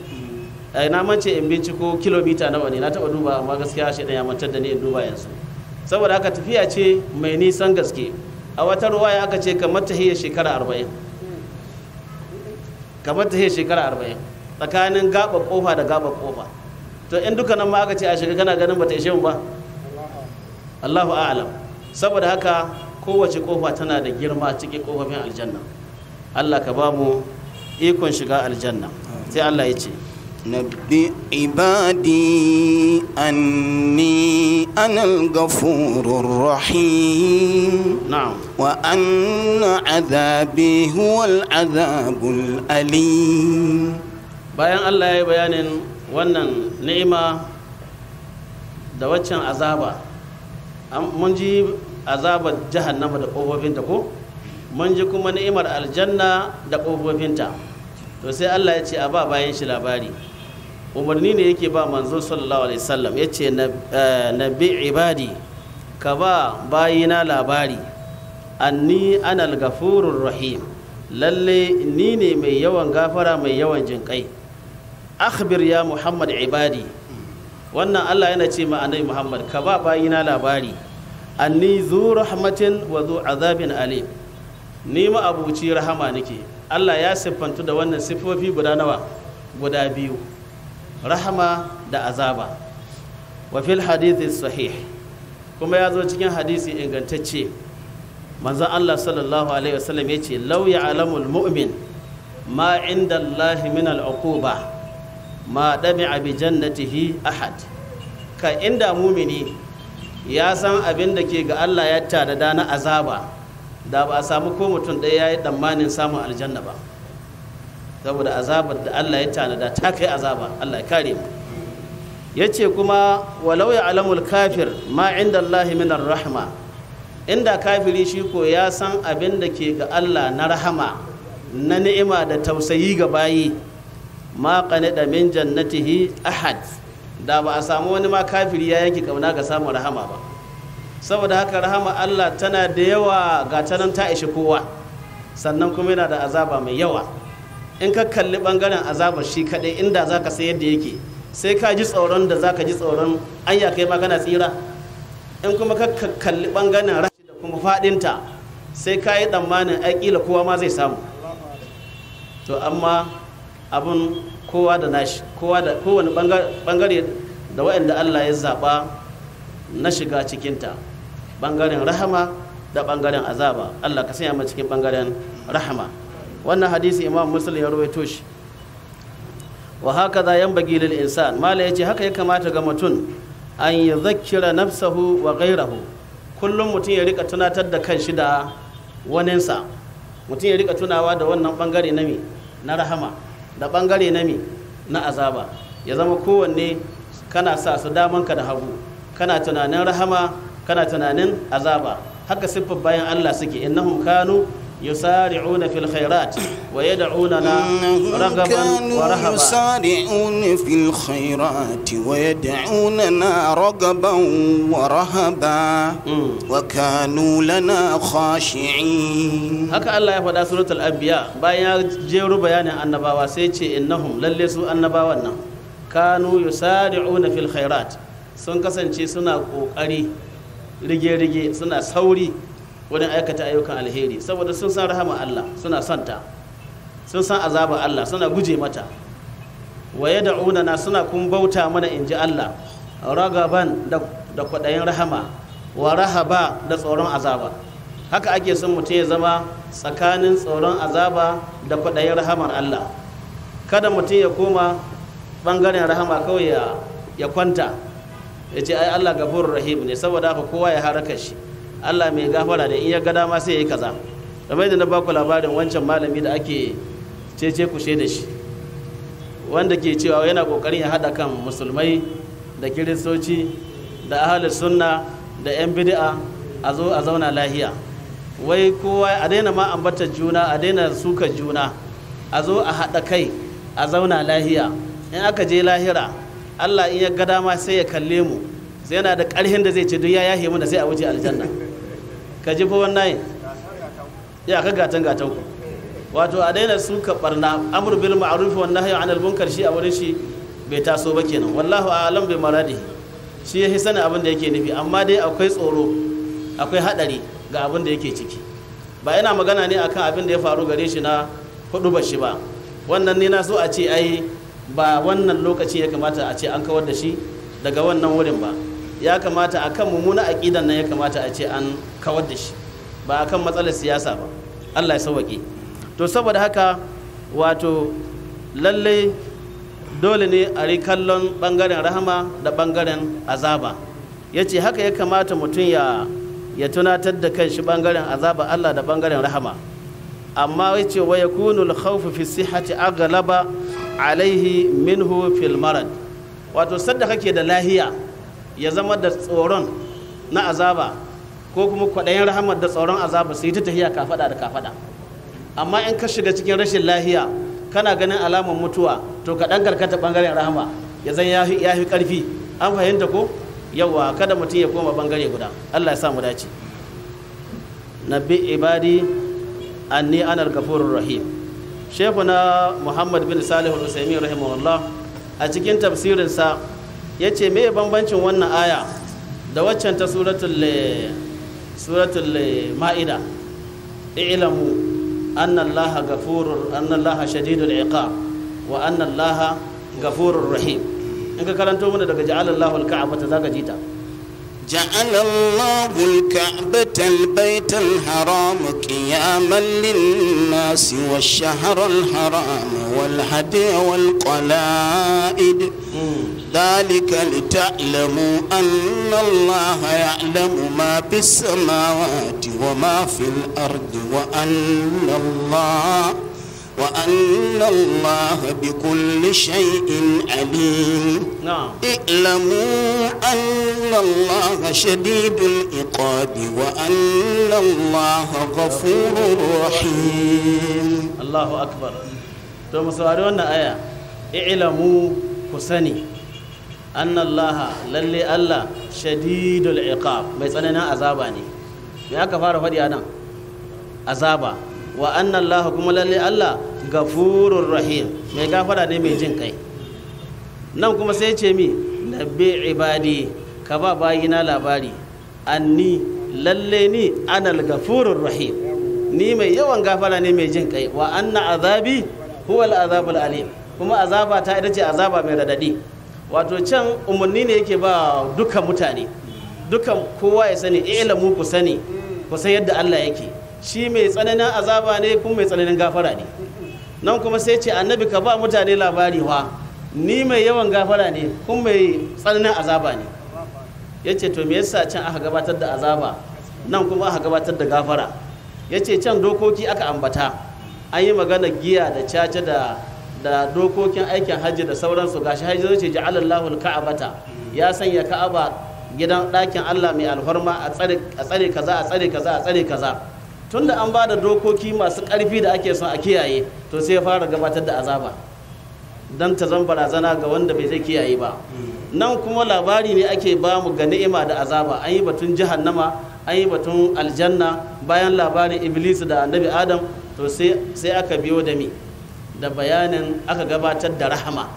eh, na mace in binciko kilomita nawa ne na taba duba amma gaskiya shi ya mantar da ni in duba yanzu saboda haka tafiya ce mai nisan gaske a wata ruwaya aka ce kamar ta hiyar shekara arba'in kamar ta hiyar shekara arba'in tsakanin gaba kofa da gaba kofa to in duka nan ma aka ce a shiga kana ganin bata ishe mu ba Allahu a'lam saboda haka kowace kofa tana da girma a cikin kofofin aljanna Allah ka ba mu ikon shiga aljanna sai Allah ya ce anni anal gafurur rahim na'am wa anna azabi عذابي هو العذاب Bayan Allah ya yi bayanin wannan ni'ima da waccan azaba mun ji azabar jahannama da ƙofofinta ko mun ji kuma ni'imar aljanna da ƙofofinta to sai Allah ya ce a ba bayan shi labari umarni ne yake ba manzo sallallahu alaihi wasallam ya ce na eh, ibadi ka ba bayina labari anni anal gafurur rahim lalle ni ne mai yawan gafara mai yawan jinƙai akhbir ya muhammad ibadi wannan Allah yana ce ma annabi muhammad ka ba bayina labari anni zu rahmatin wa zu azabin alim ni ma abuci rahama nake Allah ya siffantu da wannan siffofi guda nawa guda biyu rahama da azaba wa fil hadithi sahih kuma ya zo cikin hadisi ingantacce manzon Allah sallallahu alaihi wasallam ya ce law ya'lamul mu'min ma inda Allah min al'uquba ma dabi'a bi jannatihi ahad ka inda mumini ya san abin da ke ga Allah ya tada na azaba da ba a samu ko mutum ɗaya ya yi tsammanin samun aljanna ba saboda azabar da Allah ya tanada ta kai azaba Allah ya kare mu ya ce kuma walau ya alamul kafir ma inda Allah minar rahma inda kafiri shi ko ya san abin da ke ga Allah na rahama na ni'ima da tausayi ga bayi ma qanida min jannatihi ahad da ba a samu wani ma kafiri ya yanke kauna ga samun rahama ba saboda haka rahama Allah tana da yawa ga tanan ta ishi kowa sannan kuma yana da azaba mai yawa in ka kalli bangaren azabar shi kaɗai inda ka sai yadda yake sai ka ji tsoron da zaka ji tsoron an ya kai magana tsira in kuma ka kalli bangaren rashi da kuma ta sai ka yi tsammanin akila kowa ma zai samu to amma abun kowa da nashi kowa da kowane bangare da waɗanda Allah ya zaba na shiga cikinta bangaren rahama da bangaren azaba Allah ka sanya mu cikin bangaren rahama wannan hadisi imam muslim ya rawaito shi wa hakaza yanbaghi lil insan mala yace haka ya kamata ga mutum an yadhakkira nafsahu wa ghayrahu kullum mutum ya rika tunatar da kanshi da waninsa mutum ya rika tunawa da wannan bangare na me na rahama da bangare na mi na azaba ya zama kowanne kana sa su damanka da hagu kana tunanin rahama kana tunanin azaba haka siffar bayan Allah suke innahum kanu يسارعون في الخيرات ويدعوننا رغبا ورهبا يسارعون في الخيرات ويدعوننا رغبا ورهبا وكانوا لنا خاشعين هكا الله يفدا سورة الأنبياء بايا جيرو بيان النباوة سيتي إنهم للسوا النباوة كانوا يسارعون في الخيرات sun kasance suna ƙoƙari رجي رجي suna sauri wurin aikata ayyukan alheri saboda sun san rahama Allah suna santa sun san azaba Allah suna guje mata wa yad'una na suna kun bauta mana in ji Allah ragaban da da kwaɗayin rahama wa rahaba da tsoron azaba haka ake son mutum ya zama tsakanin tsoron azaba da kwaɗayin rahamar Allah kada mutum ya koma ɓangaren rahama kawai ya kwanta ya ce ai Allah gafurur rahim ne saboda haka kowa ya haraka shi Allah mai gafara da in ya ga dama sai ya yi kaza kamar da na ba ku labarin wancan malami da ake cece kushe da shi wanda ke cewa yana kokarin ya haɗa kan musulmai da kiristoci da ahalar sunna da 'yan bid'a a zo a zauna lahiya wai kowa a daina ma ambata juna a daina suka juna a zo a haɗa kai a zauna lahiya in aka je lahira allah in ya ga dama sai ya kalle mu sai yana da ƙarhin da zai ce duk ya yahe mu da sai a wuce aljanna ka ji fa wannan ya ka gatan gatan ku wato a daina su ka barna amur bil ma'ruf wan nahyi anil munkar shi a wurin shi bai taso ba kenan wallahu a'lam bi maradi shi ya sanin abin da yake nufi amma dai akwai tsoro akwai hadari ga abin da yake ciki ba yana magana ne akan abin da ya faru gare shi na hudu ba shi ba wannan ne na so a ce ai ba wannan lokaci ya kamata a ce an kawar da shi daga wannan wurin ba ya kamata a akan mummuna aƙidan nan ya kamata a ce an kawar da shi ba a kan matsalar siyasa ba Allah ya sauwaƙe to saboda haka wato lallai dole ne a ri kallon ɓangaren rahama da ɓangaren azaba ya ce haka ya kamata mutum ya ya tunatar da kan shi ɓangaren azaba Allah da ɓangaren rahama amma ya ce wa yakunu al-khawfu fi sihhati aghlaba alaihi minhu fil marad wato sadda kake da lahiya ya zama da tsoron na azaba ko kuma kwaɗayin rahamar da tsoron azaba su yi ta tahiya kafaɗa da kafaɗa amma in ka shiga cikin rashin lahiya kana ganin alamar mutuwa to ka ɗan karkata ɓangaren rahama ya zan ya fi ƙarfi an fahimta ko yawa kada mutum ya koma ɓangare guda allah ya sa mu dace nabi ibadi anni anar gafurur rahim na muhammad bin salihu al rahimahullah a cikin tafsirinsa ya ce me bambancin wannan aya da waccan ta suratul eh, eh, ma'ida i'lamu annallaha gafurur annallaha shadidul iqab wa annallaha gafurur rahim in ka karanto mana daga ja'alallahu al zaka jita جعل الله الكعبة البيت الحرام قياما للناس والشهر الحرام والهدي والقلائد ذلك لتعلموا أن الله يعلم ما في السماوات وما في الأرض وأن الله وأن الله بكل شيء عليم نعم اعلموا أن الله شديد العقاب وأن الله غفور رحيم الله أكبر ثم سواريونا آية اعلموا كسني أن الله للي الله شديد العقاب ما يسألنا عذاباني me aka fara faɗi a nan azaba wa anna kuma lalle allah gafurur rahim mai gafara ne mai jin kai nan kuma sai ce mi labbi ibadi ka ba bayina labari anni lalle ni anal gafurur rahim ni mai yawan gafara ne mai jin kai wa anna azabi huwa azabul alim kuma azaba ta ita ce azaba mai radadi wato can umarni ne yake ba dukkan mutane dukkan kowa ya sani ilamu ku sani ku san yadda Allah yake shi mai tsananin azaba ne kuma mai tsananin gafara ne nan kuma sai ce annabi ka ba mutane labari wa ni mai yawan gafara ne kuma mai tsananin azaba ne ya ce to me yasa can aka gabatar da azaba nan kuma aka gabatar da gafara ya ce can dokoki aka ambata an yi magana giya da caca da da dokokin aikin hajji da sauransu gashi hajji zai ce ja'alallahu ka'abata ya sanya ka'aba gidan ɗakin Allah mai alhorma a tsare kaza a tsare kaza a tsare kaza tunda an ba da dokoki masu ƙarfi da ake son a kiyaye to sai ya fara gabatar da azaba don ta zan barazana ga wanda bai zai kiyaye ba nan kuma labari ne ake ba mu ga ni'ima da azaba an yi batun jahannama an yi batun aljanna bayan labarin iblis da annabi adam to sai aka biyo da mi da bayanin aka gabatar da rahama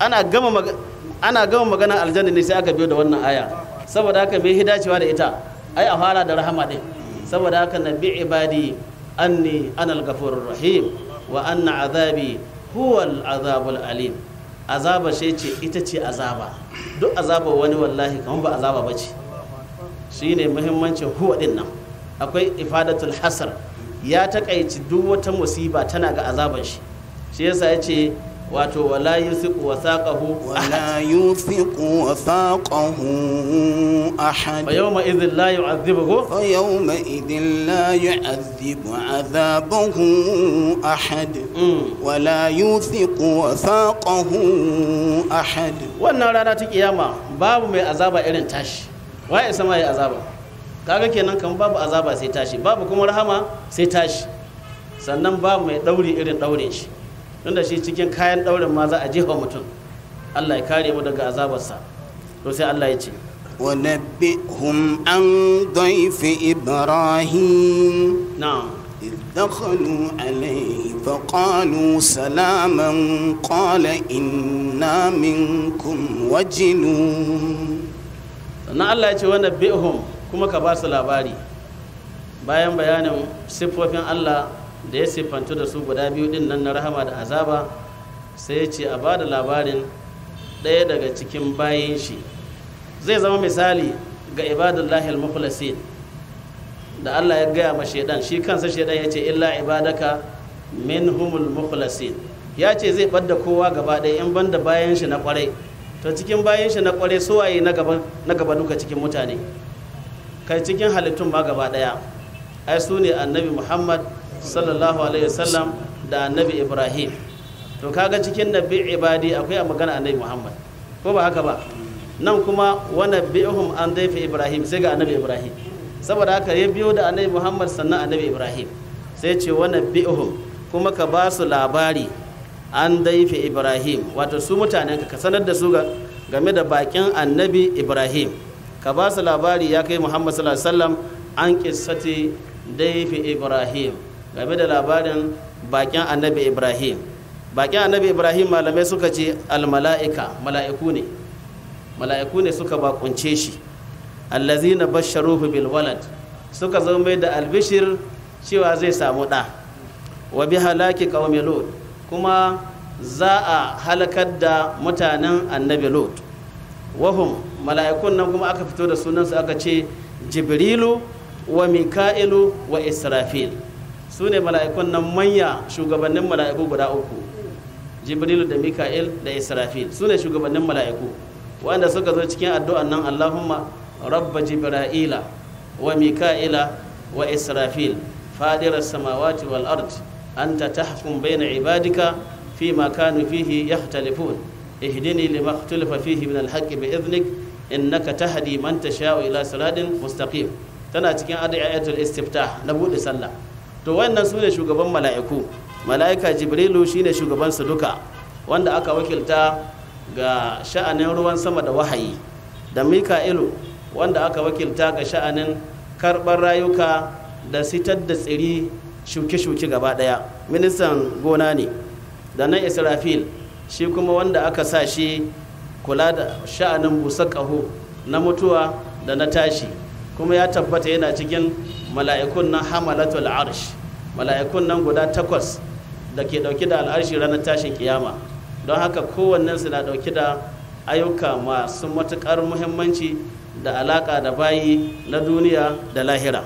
ana gama magana aljanna ne sai aka biyo da wannan aya saboda haka bai hidacewa da ita ai a fara da rahama ɗin saboda haka na bi ibadi anni anal gafurur rahim wa anna azabi huwal azabul alim azaba shi ce ita ce azaba duk azaba wani wallahi kamar ba azaba ba ce shine muhimmancin huwa din nan akwai ifadatul hasar ya takaici duk wata musiba tana ga azaban shi shi yasa ya ce wato wala yusiku wasaqahu wala yusiku ma ahad fa yawma idhin la yu'adhibuhu fa yawma idhin la yu'adhibu adhabahu ahad mm. wala yusiku a ahad wannan rana ta kiyama babu mai azaba irin tashi Wa ya sama ya azaba kaga kenan kan babu azaba sai tashi babu kuma rahama sai tashi sannan babu mai dauri irin daure shi tunda shi cikin kayan ɗaurin ma za a jefa mutum Allah ya kare mu daga azabarsa to sai Allah ya ce ونبئهم عن ضيف إبراهيم نعم إذ دخلوا عليه فقالوا سلاما قال إنا منكم وجلون na Allah ya ce wani bi'hum kuma ka ba su labari bayan bayanin siffofin Allah da ya siffantu da su guda biyu din nan na rahama da azaba sai ce a ba da labarin ɗaya daga cikin bayan shi zai zama misali ga ibadullahi al-mukhlasin da Allah ya gaya ma shaidan shi kansa shaidan ya ce illa ibadaka minhumul mukhlasin ya ce zai ɓadda kowa gaba ɗaya in banda bayan shi na kwarai to cikin bayan shi na kwarai su waye na gaba duka cikin mutane kai cikin halittun ma gaba ɗaya ai su ne annabi muhammad sallallahu alaihi wasallam da annabi ibrahim to kaga cikin nabi ibadi akwai a magana annabi muhammad ko ba haka ba nan kuma wani bi'uhum an daifi ibrahim sai ga annabi ibrahim saboda haka ya biyo da annabi muhammad sannan annabi ibrahim sai ce wani bi'uhum kuma ka ba su labari an daifi ibrahim wato su mutanen ka sanar da su game da bakin annabi ibrahim ka ba su labari ya kai muhammad sallallahu alaihi wasallam an kissati daifi ibrahim game da labarin bakin annabi ibrahim bakin annabi ibrahim malamai suka ce almala'ika mala'iku ne mala'iku ne suka bakunce shi allazi na basharuhu bil walad suka zo mai da albishir cewa zai samu ɗa wa bi halaki qaumi lot kuma za a halakar da mutanen annabi lot wahum mala'ikun nan kuma aka fito da sunansu aka ce jibrilu wa mika'ilu wa israfil su ne mala'ikun nan manya shugabannin mala'iku guda uku jibrilu da mika'il da israfil su ne shugabannin mala'iku wanda suka zo cikin addu'an nan allahumma rabba jibra'ila wa mika'ila wa israfil fadirar samawati wal ard anta tahkum bayna ibadika fi ma kanu fihi yahtalifun ihdini lima ikhtalafa fihi min alhaqqi bi idhnik innaka tahdi man tasha'u ila siratin mustaqim tana cikin adiyatul istiftah na bude sallah to wannan su ne shugaban mala'iku mala'ika jibrilu shine shugaban su duka wanda aka wakilta ga sha'anin ruwan sama da wahayi da mika'ilu wanda aka wakilta ga sha'anin karɓar rayuka da sitar da tsiri shuke-shuke gaba ɗaya ministan gona ne da nan israfil shi kuma wanda aka sa shi kula da sha'anin busa kaho na mutuwa da na tashi kuma ya tabbata yana cikin mala'ikun na hamalatul arsh mala'ikun nan guda takwas da ke ɗauki da al'arshi ranar tashin kiyama don haka kowannensu na ɗauki da ayyuka masu matuƙar muhimmanci da alaƙa da bayi na duniya da lahira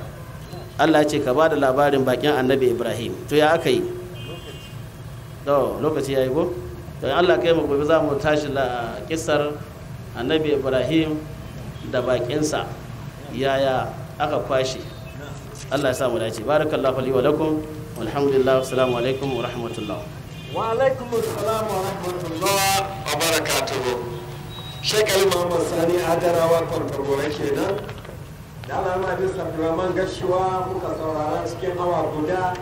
allah ce ka ba da labarin bakin annabi ibrahim to ya aka yi lokaci ya yi ko to allah kai mu gobe za mu tashi la kisar annabi ibrahim da bakinsa yaya aka kwashe Allah ya samu dace barakallahu li wa lakum walhamdulillah assalamu alaikum wa rahmatullah wa alaikum assalam wa rahmatullah wa barakatuh shekali muhammad sani adarawa kwarkwargwarai kenan da alama bin sabdurrahman gashuwa muka saurara cikin awa guda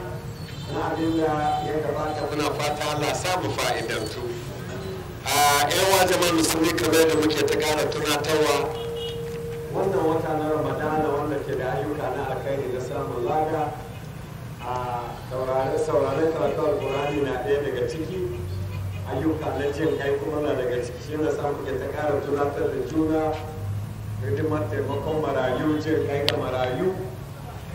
na abin da ya gabata muna fata allah samu fa'idantu a ah, yawa jama'a musulmi kamar da muke ta kara tunatarwa wannan wata na ramadana wanda ke da ayyuka na alkhairi na samun laga a sauraren karatun alkurani na ɗaya daga ciki ayyuka na jin kai kuma na daga ciki na samun ke ta kara tunatar da juna hidimar taimakon marayu jin kai ga marayu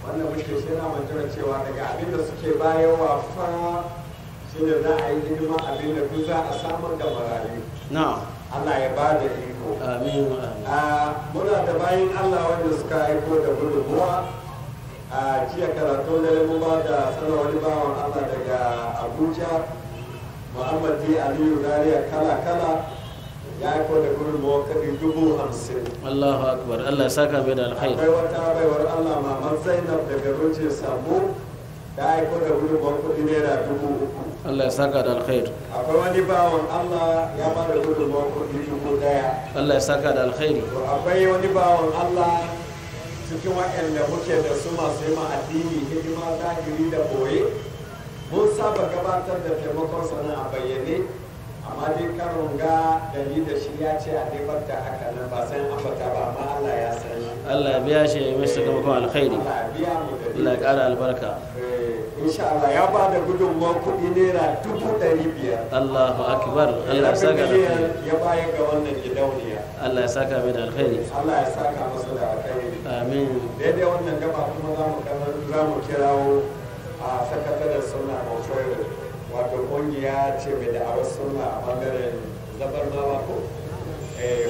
wannan muke shi na mantuna cewa daga abin suke bayarwa fa shi ne za a yi hidima abinda da duk za a samar da marayu Allah ya ba da iko amin muna da bayan Allah wanda suka aiko da gudunmuwa a jiya karatu da mun ba da sanar wani bawan Allah daga Abuja Muhammad D. Aliyu Gariya kala kala ya aiko da gudunmuwa kafin dubu hamsin Allahu akbar Allah ya saka mai da alkhairi akwai wata baiwar Allah mamar Zainab daga Roje Sabo ta aiko da gudunmawar kudi naira dubu Allah ya saka da alkhair akwai wani bawan Allah ya ba da gudunmawar kudi dubu daya Allah ya saka da alkhairi akwai wani bawan Allah cikin wa'yan da muke da su masu yi addini hidima zahiri da boye mun saba gabatar da taimakon sana a bayyane amma dai karon ga da da shi ya ce a daifar da haka nan ba san ambata ba amma Allah ya san shi Allah ya biya shi ya mai sakamakon alkhairi Allah ya ƙara albarka insha Allah ya ba da gudunmuwar kuɗi naira dubu ɗari biyar Allahu akbar Allah ya saka da ya bayar ga wannan gidauniya Allah ya saka mai da alkhairi Allah ya saka masa da alkhairi amin daidai wannan gaba kuma za mu za mu kirawo a sakataren sunna Bauchoyo wato ƙungiya ce mai da'awar eh, suna a bangaren zabar mawa ko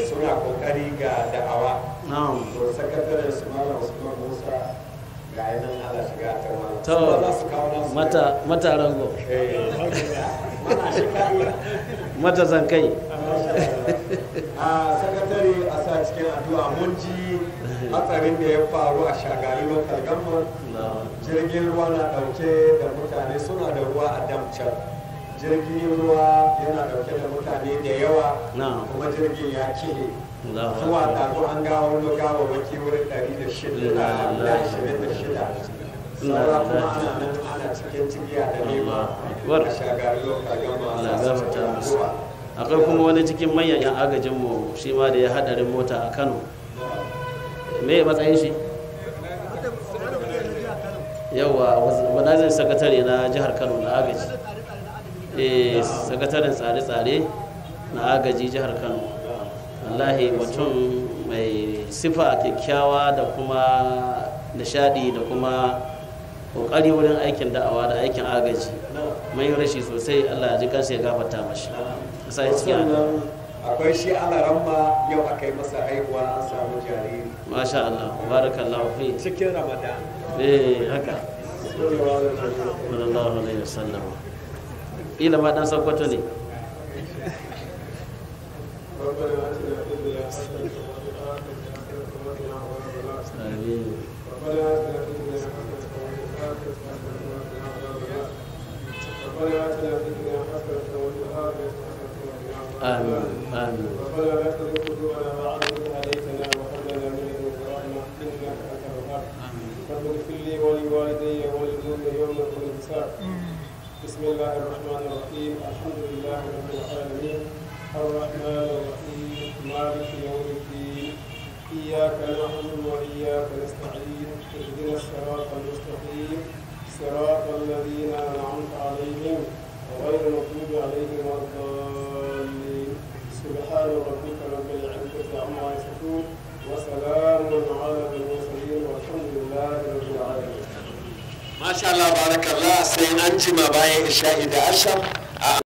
suna kokari ga da'awa to sakataren su malam usman musa ga yanan ala shiga ta malam to mata mata rango eh, mata zan kai a sakatare a sa cikin addu'a mun ji hatsarin da ya faru a shagali local government jirgin ruwa na dauke da mutane suna da ruwa a damcar jirgin ruwa yana dauke da mutane da yawa kuma jirgin ya kihe akwai kuma wani cikin manyan yan agajinmu shi ma da ya hadarin mota a kano me matsayin shi yawa wanazin sakatare na jihar kano na agaji sakataren tsare-tsare na agaji jihar kano wallahi mutum mai sifa kyakkyawa da kuma nishadi da kuma kokari wurin aikin da'awa da aikin agaji mai rashi sosai allah ya ji kansa ya gafarta mashi sai akwai shi ramma yau aka yi masa haihuwa an samu jariri masha allah barakallahu fi cikin ramadan eh haka sallallahu alaihi wasallam ila ma dan sakwato ne ربنا اتنا في الدنيا حسنه وفي الاخره حسنه وقنا عذاب النار ربنا اتنا في الدنيا حسنه وفي الاخره حسنه وقنا عذاب ربنا اتنا في الدنيا حسنه وفي الاخره حسنه وقنا عذاب النار ربنا لا تزغ قلوبنا بعد اذ هديتنا وهب لنا من لدنك رحمه انك انت الوهاب رب اغفر لي ولوالدي وللمؤمنين يوم الحساب بسم الله الرحمن الرحيم الحمد لله رب العالمين الرحمن الرحيم مالك يوم الدين إياك نعبد وإياك نستعين اهدنا الصراط المستقيم صراط الذين أنعمت عليهم غير المغضوب عليهم ولا الضالين سبحان ربك رب العزة عما يصفون وسلام على المرسلين والحمد لله رب العالمين ما شاء الله بارك الله سيدنا سينجم باي إشاء إذا أشر